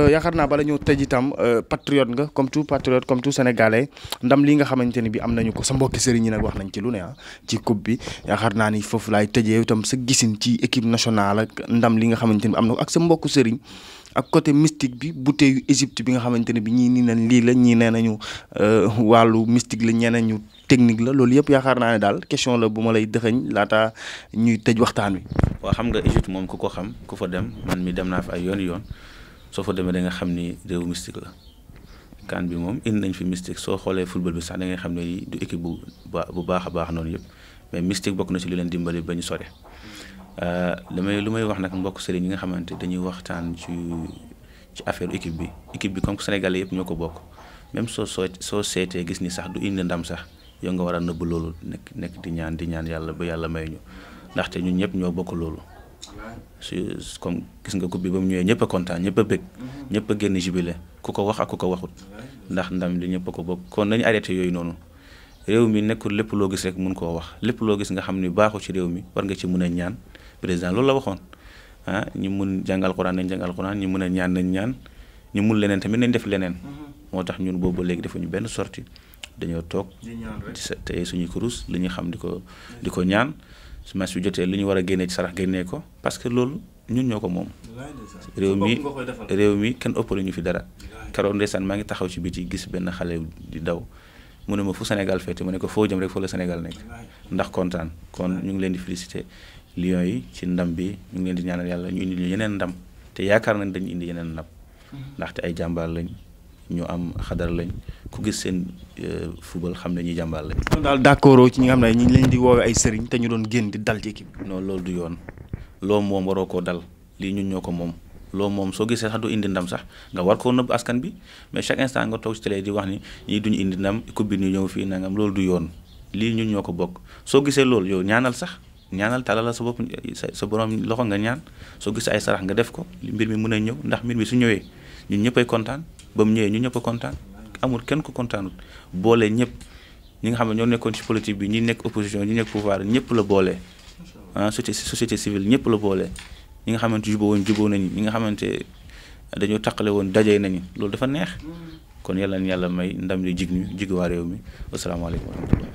Euh, yaakaar naa bala ñoo tëj itam euh, patriote nga comme tout patriote comme tout sénégalais ndam li nga xamante ni bi am nañu ko sa mbokki sëriñ ñi nag wax nañ ci lu ne ah ci coupe bi naa ni foofu laay itam sa gisin ci équipe nationale ak ndam li nga xamante ni bi am na ak sa mbokku sëriñ ak côté mystique bi bouteille yu Égypte bi nga xamante ne bi ñii nii nañ lii la ñi nee nañu euh, wàllu mystique la ñeneen ñu technique la loolu yëpp yaakaar naa ne daal question la bu ma lay dëxëñ laata ñuy tëj waxtaan wi. waa xam nga Égypte moom ku ko xam ku fa dem man mi dem naa fa ay yoon yoon soo fa demee da nga xam ni réew mystique la kan bi moom indi nañ fi mystique soo xoolee football bi sax da ngay xam ne du équipe bu bu baax a baax noonu yëpp mais mystique bokk na ci lu leen dimbali ba ñu sore euh, la may lu may wax nag mbokk sëriñ li nga xamante dañuy waxtaan ci ci affaire équipe bi équipe bi comme Sénégalais yëpp ñoo ko bokk même soo soo soo seetee gis ni sax du indi ndam sax yow nga war a nëbb loolu nekk nekk di ñaan di ñaan yàlla ba yàlla may ñu ndaxte ñun ñëpp ñoo bokk loolu. su comme gis nga coupe bi ba mu ñëwee ñëpp a kontaan ñëpp a bëgg mhm. ñëpp a génn jubilé ku ko wax ak ku ko waxut ndax ndam li ñëpp ko bokk kon nañu arrêté yooyu noonu réew mi nekkul lépp loo gis rek mun koo wax lépp loo gis nga xam ni baaxu ci réew mi war nga ci mun a ñaan président loolu la waxoon ah ñu mun jàng alxuraan nañ jàng alxuraan ñi mun a ñaan nañ ñaan ñu mun leneen tamit nañ def leneen mhm. moo tax ñun boobu léegi defuñu benn sorti dañoo toog te suñu kurus li ñu xam di ko di ko ñaan su mas bi jotee li ñu war a génnee ci sarax génnee ko parce que loolu ñun ñoo ko moom réew mi réew mi kenn ëppale ñu fi dara keroog ndeysaan maa ngi taxaw ci biti gis benn xale di daw mu ne ma fu Sénégal féete mu ne ko foo jëm rek foo la Sénégal nekk ndax kontaan kon ñu ngi leen di félicité Lions yi ci ndam bi ñu ngi leen di ñaanal yàlla ñu indi ñu yeneen ndam te yaakaar nañ dañu indi yeneen ndam mm-hmm. ndaxte ay jàmbaar lañ ñu am xadar lañ ku gis seen euh, football xam ne ñuy jàmbaar lañ. kon daal d'accord ci ñi nga xam ne ñi leen di woowee ay sëriñ te ñu doon génn di dal ci équipe bi. non loolu du yoon loo moom waroo koo dal lii ñun ñoo ko moom loo moom soo gisee sax du ndam sax nga war koo nëbb askan bi mais chaque instant nga toog ci di wax ni ñii duñu indi ndam bi ñu ñëw fii nangam loolu du yoon lii ñun ñoo ko bokk soo gisee loolu yow ñaanal sax. ñaanal talala sa bopp sa sa borom loxo nga ñaan soo gisee ay sarax nga def ko mbir mi mën a ñëw ndax mbir mi su ñëwee ñun ñëppay kontaan ba mu ñëwee ñu ñëpp a kontaan amul kenn ko kontaanut boole ñëpp ñi nga xam ne ñoo nekkoon ci politique bi ñi nekk opposition ñi nekk pouvoir ñëpp la boole ah société société civile ñëpp la boole ñi nga xamante juboo woon juboo nañu ñi nga xamante dañoo taqale woon dajee nañu loolu dafa neex mm. kon yàlla na yàlla may ndam li jig ñu jig waa réew mi asalaamaaleykum wa rahmatullah